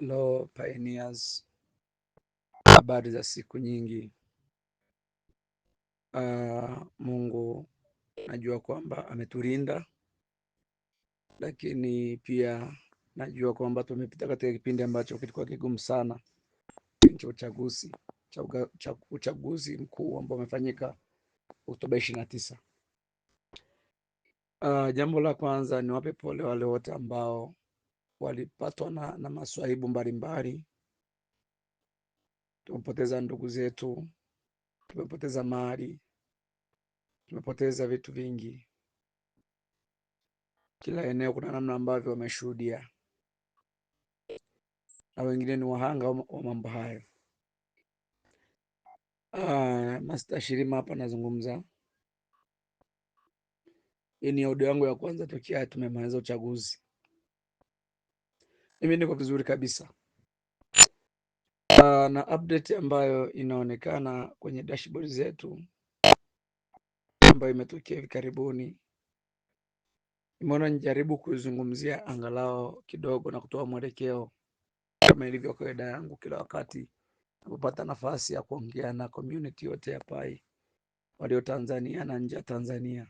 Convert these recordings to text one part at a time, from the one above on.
Hello pioneers, habari za siku nyingi. Uh, Mungu najua kwamba ametulinda, lakini pia najua kwamba tumepita katika kipindi ambacho kilikuwa kigumu sana cha uchaguzi cha uchaguzi mkuu ambao umefanyika Oktoba ishirini na tisa. Uh, jambo la kwanza ni wape pole wale wote ambao walipatwa na, na maswahibu mbalimbali. Tumepoteza ndugu zetu, tumepoteza mali, tumepoteza vitu vingi. Kila eneo kuna namna ambavyo wameshuhudia, na wengine ni wahanga wa mambo hayo. Ah, Masta Shirima hapa anazungumza. Hii ni audio yangu ya kwanza tukia tumemaliza uchaguzi niko vizuri kabisa uh, na update ambayo inaonekana kwenye dashboard zetu ambayo imetokea hivi karibuni, imeona nijaribu kuizungumzia angalau kidogo na kutoa mwelekeo kama ilivyo kawaida yangu kila wakati napopata nafasi ya kuongea na community yote ya Pai walio Tanzania na nje ya Tanzania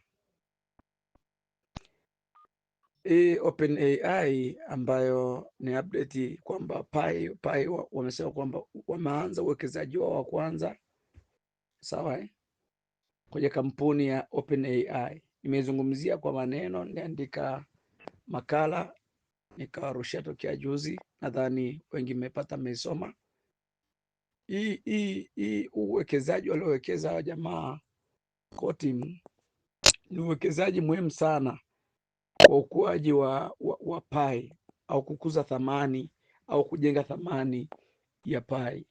hii OpenAI ambayo ni update kwamba Pai, Pai wamesema kwamba wameanza uwekezaji wao wa kwanza sawa, eh, kwenye kampuni ya OpenAI. Nimezungumzia kwa maneno, niliandika makala nikawarushia tokea juzi, nadhani wengi mmepata mmesoma Hii hii hii uwekezaji waliowekeza hawa jamaa Kotim ni uwekezaji muhimu sana kwa ukuaji wa, wa, wa pai au kukuza thamani au kujenga thamani ya pai.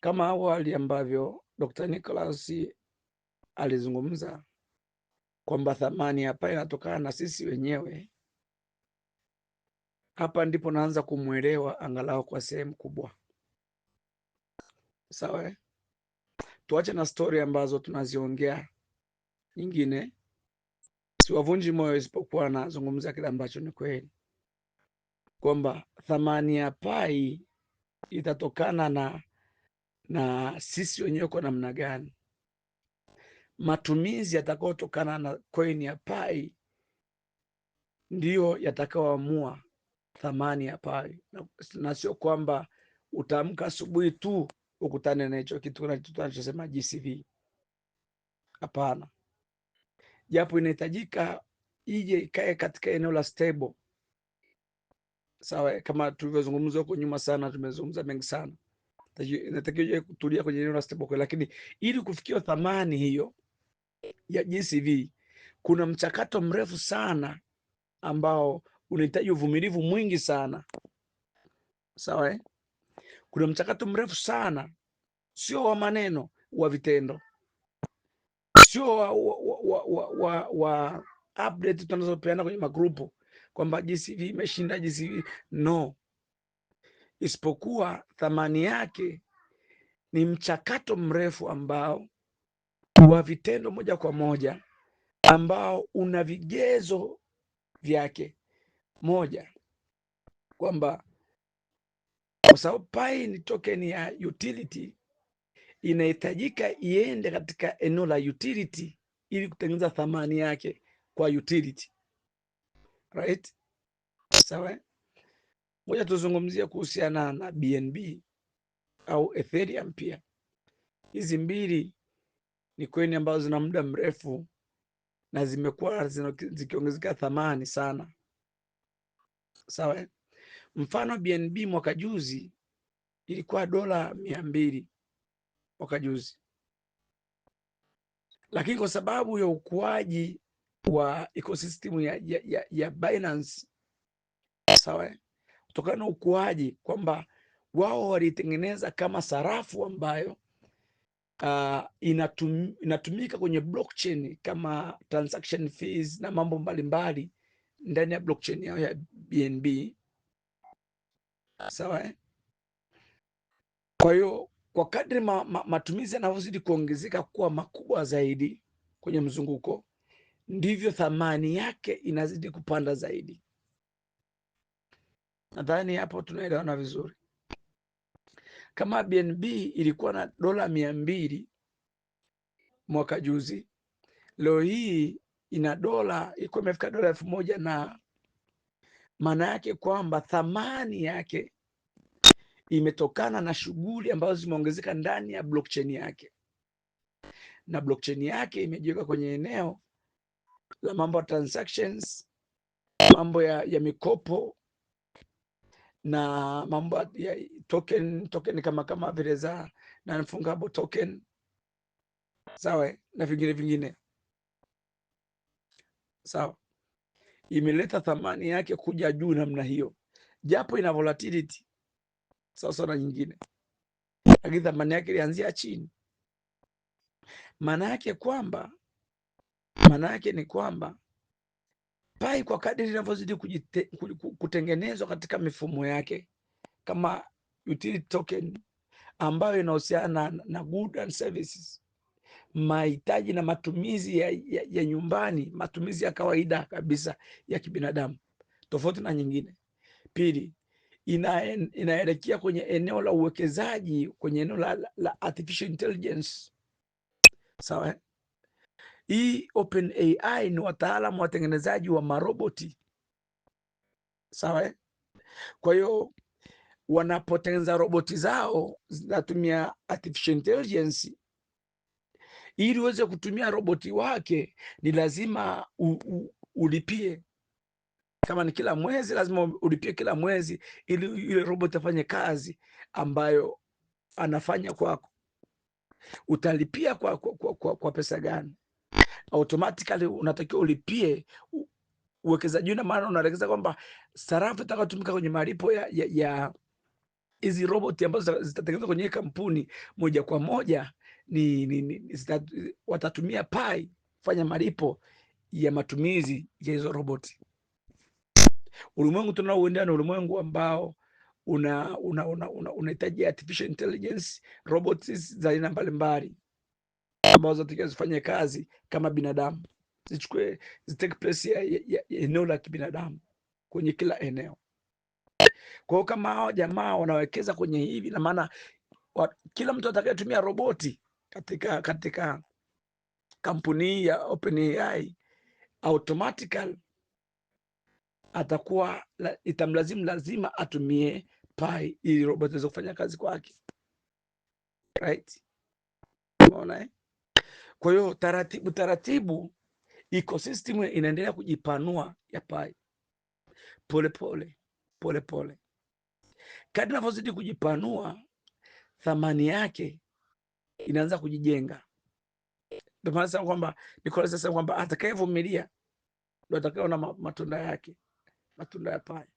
Kama awali ambavyo Dr. Nicholas alizungumza kwamba thamani ya pai inatokana na sisi wenyewe, hapa ndipo naanza kumwelewa angalau kwa sehemu kubwa. Sawa, eh? tuache na stori ambazo tunaziongea nyingine wavunji moyo isipokuwa anazungumza kile ambacho ni kweli, kwamba thamani ya pai itatokana na na sisi wenyewe kwa namna gani. Matumizi yatakayotokana na koini ya pai ndiyo yatakaoamua thamani ya pai, na sio kwamba utaamka asubuhi tu ukutane na hicho kitu nachosema GCV. Hapana japo inahitajika ije ikae katika eneo la stable. Sawa, kama tulivyozungumza huko nyuma sana, tumezungumza mengi sana, inatakiwa kutulia kwenye eneo la stable lakini ili kufikia thamani hiyo ya GCV kuna mchakato mrefu sana ambao unahitaji uvumilivu mwingi sana. Sawa, eh? Kuna mchakato mrefu sana, sio wa maneno, wa vitendo, sio wa, wa, wa, wa, wa, wa update tunazopeana kwenye magrupu kwamba GCV imeshinda GCV, no, isipokuwa thamani yake ni mchakato mrefu ambao wa vitendo moja kwa moja ambao una vigezo vyake. Moja, kwamba kwa sababu pai ni token ya utility, inahitajika iende katika eneo la utility ili kutengeneza thamani yake kwa utility. Right? Sawa? moja tuzungumzie kuhusiana na BNB au Ethereum pia. Hizi mbili ni coin ambazo zina muda mrefu na zimekuwa zikiongezeka thamani sana. Sawa? Mfano BNB mwaka juzi ilikuwa dola mia mbili mwaka juzi, lakini kwa sababu ya ukuaji wa ecosystem ya, ya, ya, ya Binance sawa, kutokana na ukuaji kwamba wao walitengeneza kama sarafu ambayo uh, inatum, inatumika kwenye blockchain kama transaction fees na mambo mbalimbali ndani ya blockchain yao ya BNB sawa. Kwa hiyo kwa kadri ma, ma, matumizi yanavyozidi kuongezeka kuwa makubwa zaidi kwenye mzunguko, ndivyo thamani yake inazidi kupanda zaidi. Nadhani hapo tunaelewana vizuri. Kama BNB ilikuwa na dola mia mbili mwaka juzi, leo hii ina dola ilikuwa imefika dola elfu moja na maana yake kwamba thamani yake imetokana na shughuli ambazo zimeongezeka ndani ya blockchain yake, na blockchain yake imejiweka kwenye eneo la mambo ya transactions, mambo ya, ya mikopo na mambo ya token, token kama kama vile za non-fungible token sawa, na vingine vingine sawa. Imeleta thamani yake kuja juu namna hiyo, japo ina volatility sawasawa na nyingine, lakini thamani yake ilianzia chini. Maana yake kwamba maana yake ni kwamba pai kwa kadiri inavyozidi kutengenezwa katika mifumo yake kama utility token ambayo inahusiana na, na good and services, mahitaji na matumizi ya, ya, ya nyumbani, matumizi ya kawaida kabisa ya kibinadamu, tofauti na nyingine. Pili, ina, inaelekea kwenye eneo la uwekezaji kwenye eneo la, la, la artificial intelligence sawa. Hii AI ni wataalamu watengenezaji wa maroboti sawa. Kwa hiyo wanapotengeneza roboti zao zinatumia artificial intelligence ili uweze kutumia roboti wake ni lazima u, u, ulipie kama ni kila mwezi lazima ulipie kila mwezi, ili ile robot afanye kazi ambayo anafanya kwako. Utalipia kwa, kwa, kwa, kwa kwa pesa gani? Automatically unatakiwa ulipie uwekezaji. na maana unaelekeza kwamba sarafu itakayotumika kwenye malipo ya, ya, ya hizi roboti ambazo zitatengenezwa kwenye kampuni moja kwa moja ni, ni, ni zita, watatumia pai kufanya malipo ya matumizi ya hizo roboti. Ulimwengu tunaoendea ni ulimwengu ambao unahitaji una, una, una, una artificial intelligence, robots za aina mbalimbali ambazo zinatakiwa zifanye kazi kama binadamu, zichukue zitake place ya, ya, ya eneo la kibinadamu kwenye kila eneo. Kwa hiyo kama hao jamaa wanawekeza kwenye hivi, na maana kila mtu atakayetumia roboti katika katika kampuni ya OpenAI automatically atakuwa itamlazimu lazima atumie pai ili robot iweze kufanya kazi kwake, right? Unaona eh? Kwa hiyo taratibu taratibu ecosystem inaendelea kujipanua ya pai polepole polepole. Kadri inavyozidi kujipanua, thamani yake inaanza kujijenga. Ndio maana sasa kwamba Nicolas sasa kwamba atakayevumilia ndio atakayeona matunda yake matunda ya panya.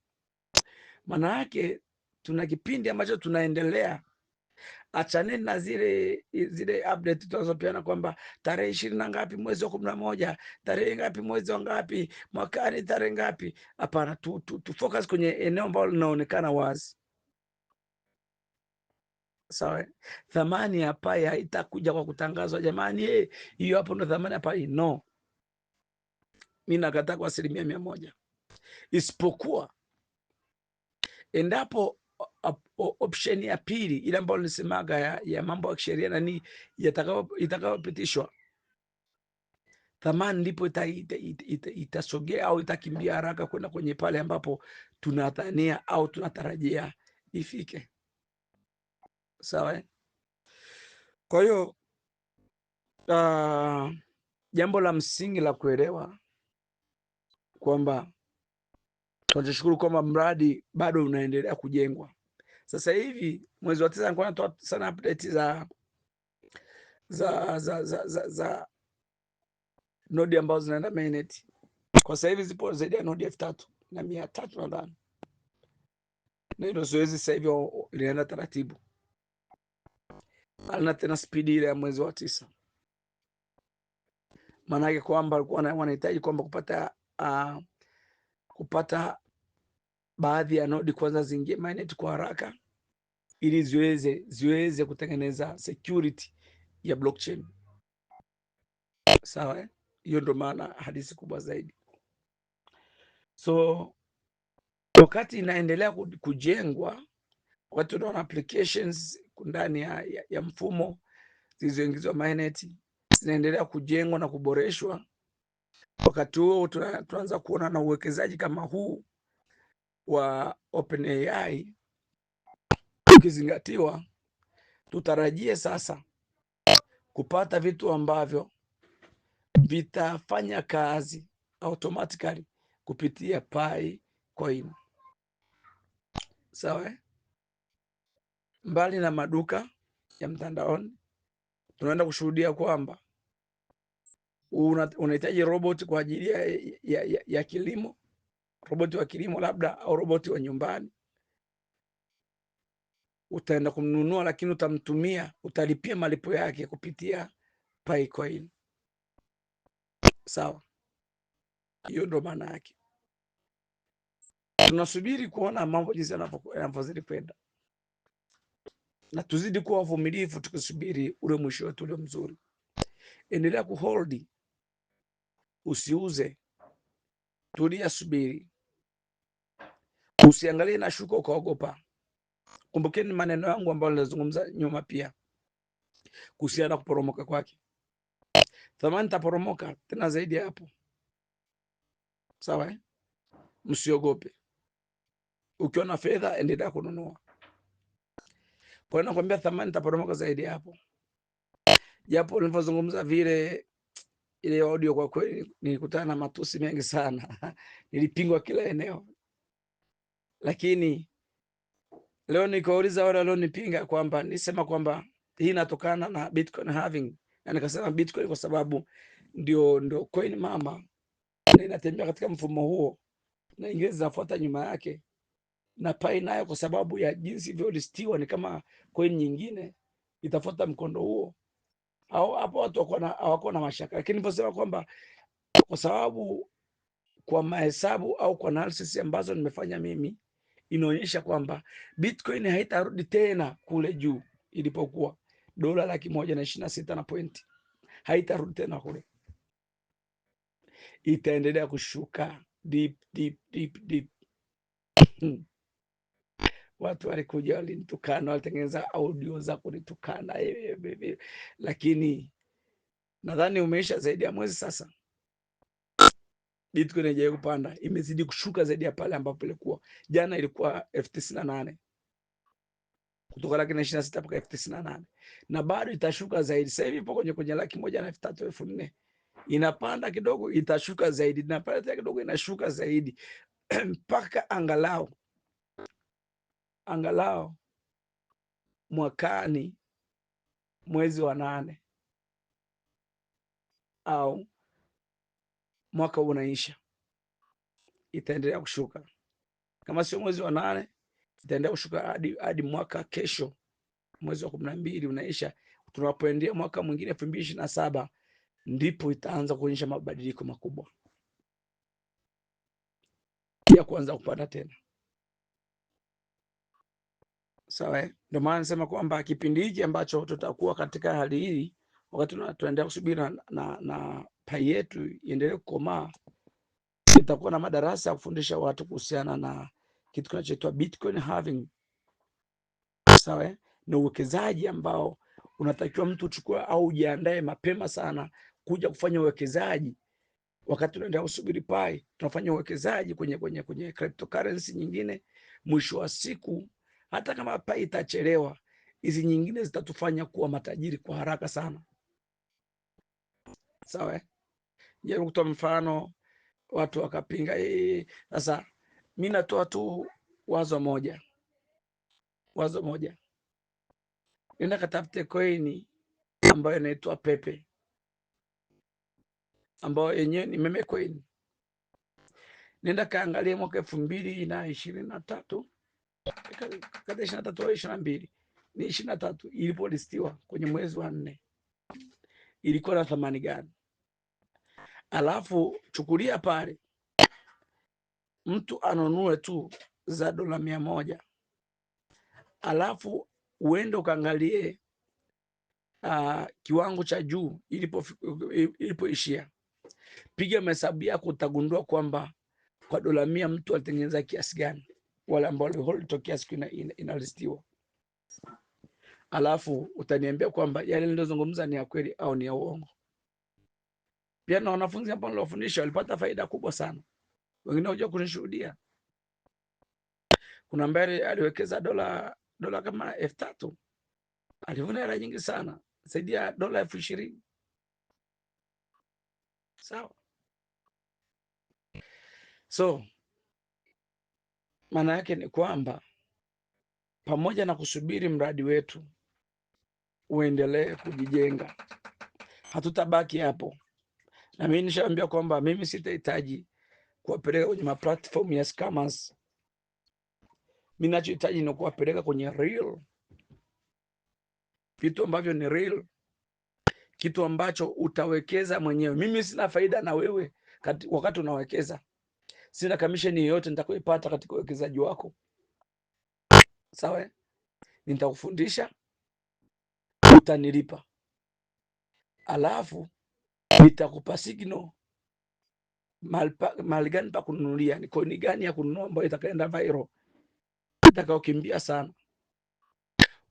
Maana yake tuna kipindi ambacho tunaendelea. Achaneni na zile zile update tunazopeana kwamba tarehe ishirini na ngapi mwezi wa kumi na moja tarehe ngapi mwezi wa ngapi mwakani tarehe ngapi. Hapana, tu, tu, tu focus kwenye eneo ambalo linaonekana wazi. Sawa, thamani ya pai haitakuja kwa kutangazwa, jamani, eh, hiyo hey, hapo ndo thamani ya pai. No, mi nakataa kwa asilimia mia moja isipokuwa endapo option ya pili ile ambayo nilisemaga ya, ya mambo ya kisheria nani itakayopitishwa thamani ndipo itasogea ita, ita, ita, ita au itakimbia haraka kwenda kwenye pale ambapo tunadhania au tunatarajia ifike. Sawa. Eh? Kwa hiyo uh, jambo la msingi la kuelewa kwamba tunashukuru kwamba mradi bado unaendelea kujengwa. Sasa hivi mwezi wa tisa nilikuwa natoa sana update za za za za, za, za nodi ambazo zinaenda mainnet. Kwa sasa hivi zipo zaidi ya nodi 3000 tatu na mia tatu nadhani, na hilo zoezi sasa hivi oh, oh, linaenda taratibu, alina tena speed ile ya mwezi wa tisa. yake kwamba alikuwa wanahitaji kwamba kupata uh, kupata baadhi ya nodi kwanza zingie mainnet kwa haraka ili ziweze ziweze kutengeneza security ya blockchain. Sawa, eh? hiyo ndo maana hadithi kubwa zaidi. So wakati inaendelea kujengwa, watu tunaona applications ndani ya, ya, ya mfumo zilizoingizwa mainnet zinaendelea kujengwa na kuboreshwa. Wakati huo tunaanza kuona na uwekezaji kama huu wa OpenAI ukizingatiwa, tutarajie sasa kupata vitu ambavyo vitafanya kazi automatically kupitia Pi Coin. Sawa, mbali na maduka ya mtandaoni, tunaenda kushuhudia kwamba unahitaji robot kwa ajili ya, ya, ya, ya kilimo roboti wa kilimo labda au roboti wa nyumbani, utaenda kumnunua, lakini utamtumia, utalipia malipo yake kupitia Paycoin. Sawa, hiyo ndo maana yake. Tunasubiri kuona mambo jinsi yanavyozidi kwenda, na tuzidi kuwa wavumilivu tukisubiri ule mwisho wetu ulio mzuri. Endelea kuholdi, usiuze, tulia, subiri. Usiangalie na shuka ukaogopa. Kumbukeni maneno yangu ambayo nilizungumza nyuma pia kuhusiana na kuporomoka kwake. Thamani taporomoka tena zaidi ya hapo, sawa eh? Msiogope. Ukiwa na fedha endelea kununua. Kwa hiyo nakwambia thamani taporomoka zaidi ya hapo, japo nilivyozungumza vile ile audio kwa kweli nilikutana na matusi mengi sana nilipingwa kila eneo. Lakini leo nikauliza wale walionipinga kwamba nisema kwamba hii inatokana na Bitcoin halving, na nikasema Bitcoin kwa sababu ndio ndio coin mama na inatembea katika mfumo huo, na Ingereza zinafuata nyuma yake, na Pai nayo kwa sababu ya jinsi ilivyolistiwa ni kama coin nyingine itafuata mkondo huo. Au hapo watu hawakuwa na mashaka, lakini niposema kwamba kwa sababu kwa mahesabu au kwa analysis ambazo nimefanya mimi inaonyesha kwamba Bitcoin haitarudi tena kule juu ilipokuwa dola laki moja na ishirini na sita na pointi, haitarudi tena kule, itaendelea kushuka deep, deep, deep, deep. Hmm. Watu walikuja walinitukana, walitengeneza audio za kunitukana, eh, eh, eh, lakini nadhani umeisha zaidi ya mwezi sasa Bitcoin haijawahi kupanda, imezidi kushuka zaidi ya pale ambapo ilikuwa jana. Ilikuwa elfu tisini na nane kutoka laki na ishirini na sita mpaka elfu tisini na nane na bado itashuka zaidi. Sasa hivi ipo kwenye kwenye laki moja na elfu tatu elfu nne inapanda kidogo, itashuka zaidi, inapanda kidogo, inashuka zaidi mpaka angalau angalau mwakani mwezi wa nane au mwaka unaisha, itaendelea kushuka. Kama sio mwezi wa nane, itaendelea kushuka hadi hadi mwaka kesho, mwezi wa kumi na mbili unaisha. Tunapoendea mwaka mwingine elfu mbili ishirini na saba ndipo itaanza kuonyesha mabadiliko makubwa ya kuanza kupanda tena. Sawa, ndio maana nasema kwamba kipindi hiki ambacho tutakuwa katika hali hii, wakati tunaendelea kusubiri na, na, na pai yetu iendelee kukomaa, itakuwa na madarasa ya kufundisha watu kuhusiana na kitu kinachoitwa Bitcoin halving. Sawa, eh? ni uwekezaji ambao unatakiwa mtu uchukue au ujiandae mapema sana kuja kufanya uwekezaji wakati unaendelea kusubiri pai. Tunafanya uwekezaji kwenye kwenye kwenye cryptocurrency nyingine, mwisho wa siku hata kama pai itachelewa, hizi nyingine zitatufanya kuwa matajiri kwa haraka sana. Sawa, eh? jaribu kutoa mfano, watu wakapinga. Eh, eh, eh. Sasa mi natoa tu wazo moja, wazo moja, nenda katafute koini ambayo inaitwa Pepe, ambayo yenyewe ni meme koini. Nenda kaangalia mwaka elfu mbili na ishirini na tatu kati ishirini na tatu au ishirini na mbili ni ishirini na tatu ilipolistiwa kwenye mwezi wa nne ilikuwa na thamani gani? Alafu chukulia pale mtu anunue tu za dola mia moja alafu uende ukaangalie uh, kiwango cha juu ilipoishia. Piga mahesabu yako, utagundua kwamba kwa dola mia mtu alitengeneza kiasi gani, wale ambao walitokea siku inalistiwa ina, alafu utaniambia kwamba yale nilizozungumza ni ya kweli au ni ya uongo. Pia na wanafunzi ambao niliwafundisha walipata faida kubwa sana, wengine wakuja kunishuhudia. Kuna mbele aliwekeza dola dola kama elfu tatu alivuna hela nyingi sana, zaidi ya dola elfu ishirini sawa. So maana yake ni kwamba pamoja na kusubiri mradi wetu uendelee kujijenga, hatutabaki hapo na mimi nishaambia kwamba mimi sitahitaji kuwapeleka kwenye maplatform ya scammers. Mimi nachohitaji ni kuwapeleka kwenye real vitu ambavyo ni real, kitu ambacho utawekeza mwenyewe. Mimi sina faida na wewe kati, wakati unawekeza sina kamisheni yoyote nitakuipata katika uwekezaji wako, sawa? Nitakufundisha, utanilipa alafu nitakupa signal mahali gani pa kununulia, ni koini gani ya kununua ambayo itakaenda viral, itakaokimbia sana.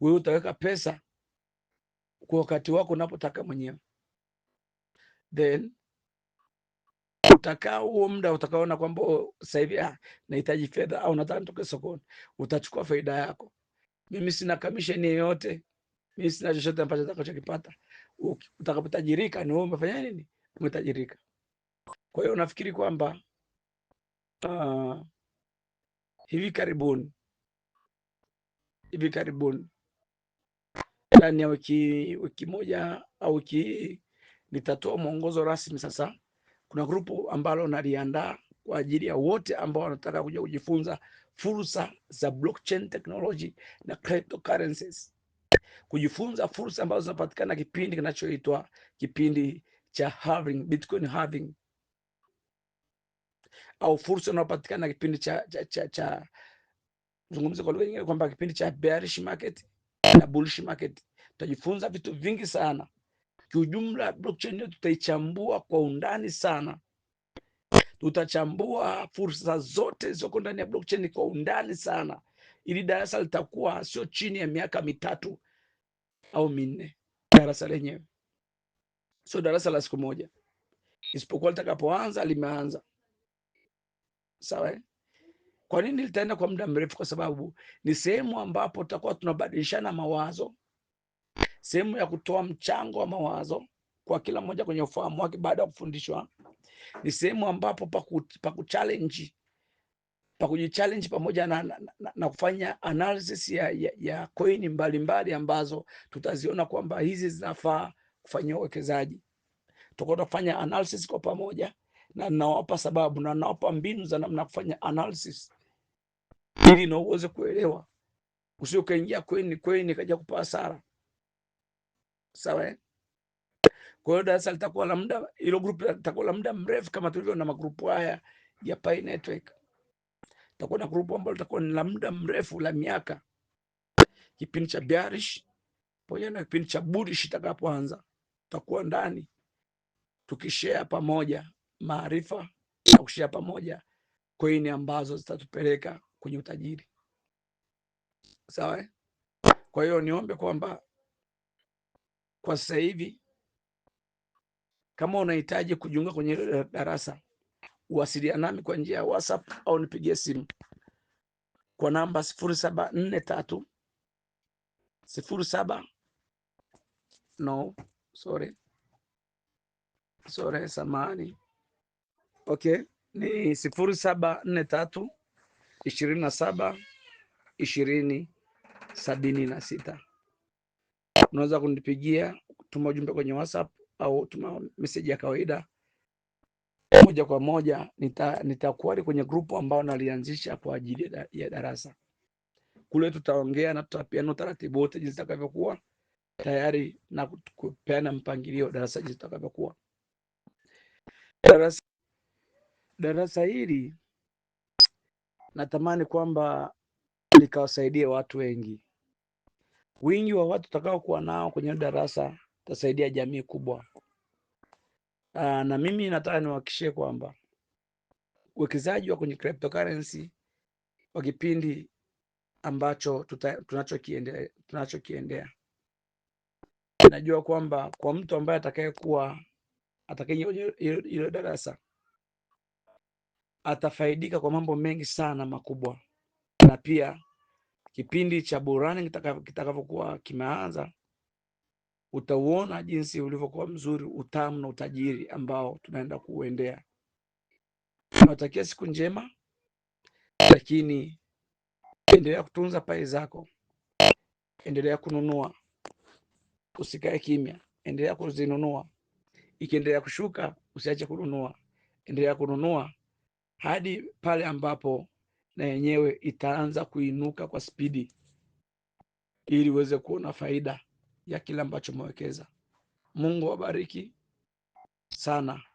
Wewe utaweka pesa kwa wakati wako unapotaka mwenyewe, then utakaa huo muda utakaona kwamba oh, sasa hivi ah, nahitaji fedha au nataka nitoke sokoni, utachukua faida yako. Mimi sina kamisheni yeyote, mimi sina chochote ambacho nitakachokipata utakapotajirika ni wewe umefanya nini? Umetajirika. Kwa hiyo unafikiri kwamba uh, hivi karibuni hivi karibuni ndani ya wiki wiki moja au wiki hii nitatoa mwongozo rasmi. Sasa kuna grupu ambalo naliandaa kwa ajili ya wote ambao wanataka kuja kujifunza fursa za blockchain technology na cryptocurrencies kujifunza fursa ambazo zinapatikana kipindi kinachoitwa kipindi cha having, Bitcoin having au fursa inayopatikana kipindi cha cha cha, cha zungumza kwa lugha nyingine kwamba kipindi cha bearish market na bullish market. Tutajifunza vitu vingi sana kiujumla. Blockchain yetu tutaichambua kwa undani sana, tutachambua fursa zote zilizoko ndani ya blockchain kwa undani sana. Ili darasa litakuwa sio chini ya miaka mitatu au minne darasa lenyewe, sio darasa la siku moja, isipokuwa litakapoanza limeanza. Sawa eh? Kwa nini litaenda kwa muda mrefu? Kwa sababu ni sehemu ambapo tutakuwa tunabadilishana mawazo, sehemu ya kutoa mchango wa mawazo kwa kila mmoja kwenye ufahamu wake baada ya kufundishwa. Ni sehemu ambapo pa kuchallenge pa kujichallenge pamoja na, na, na, na kufanya analysis ya, ya, ya coin mbalimbali mbali ambazo tutaziona kwamba hizi zinafaa kufanyia uwekezaji. Tutakwenda kufanya analysis kwa pamoja, na nawapa sababu na nawapa mbinu za namna kufanya analysis ili na uweze kuelewa, usio kaingia coin coin kaja kupa hasara. Sawa. Eh? Kwa hiyo darasa litakuwa la muda, hilo group litakuwa la muda mrefu kama tulivyo na magrupu haya ya Pi Network. Takuwa na grupu ambalo litakuwa ni la muda mrefu la miaka, kipindi cha bearish pamoja na kipindi cha bullish itakapoanza, tutakuwa ndani tukishare pamoja maarifa na kushare pamoja coin ambazo zitatupeleka kwenye utajiri. Sawa. Eh? Kwa hiyo niombe kwamba kwa sasa hivi kama unahitaji kujiunga kwenye darasa uwasilia nami kwa njia ya WhatsApp au nipigie simu kwa namba sifuri saba nne tatu sifuri saba no sorry sorry samani okay ni sifuri saba nne tatu ishirini na saba ishirini sabini na sita. Unaweza kunipigia, tuma ujumbe kwenye WhatsApp au tuma meseji ya kawaida moja kwa moja nitakuwa nita kwenye grupu ambao nalianzisha kwa ajili ya darasa kule. Tutaongea na tutapeana utaratibu wote jinsi itakavyokuwa tayari na kupeana mpangilio darasa jinsi takavyokuwa Darasa, darasa hili natamani kwamba likawasaidia watu wengi. Wingi wa watu utakaokuwa nao kwenye darasa utasaidia jamii kubwa Aa, ah, na mimi nataka niwahakikishie kwamba uwekezaji wa kwenye cryptocurrency wa kipindi ambacho tunachokiendea tunachokiendea, najua kwamba kwa mtu ambaye atakayekuwa atakaye hilo darasa atafaidika kwa mambo mengi sana makubwa, na pia kipindi cha burani kitakavyokuwa kimeanza utauona jinsi ulivyokuwa mzuri utamu na utajiri ambao tunaenda kuuendea. Tunawatakia siku njema, lakini endelea kutunza pai zako, endelea kununua, usikae kimya, endelea kuzinunua. Ikiendelea kushuka, usiache kununua, endelea kununua hadi pale ambapo na yenyewe itaanza kuinuka kwa spidi, ili uweze kuona faida ya kile ambacho umewekeza. Mungu awabariki sana.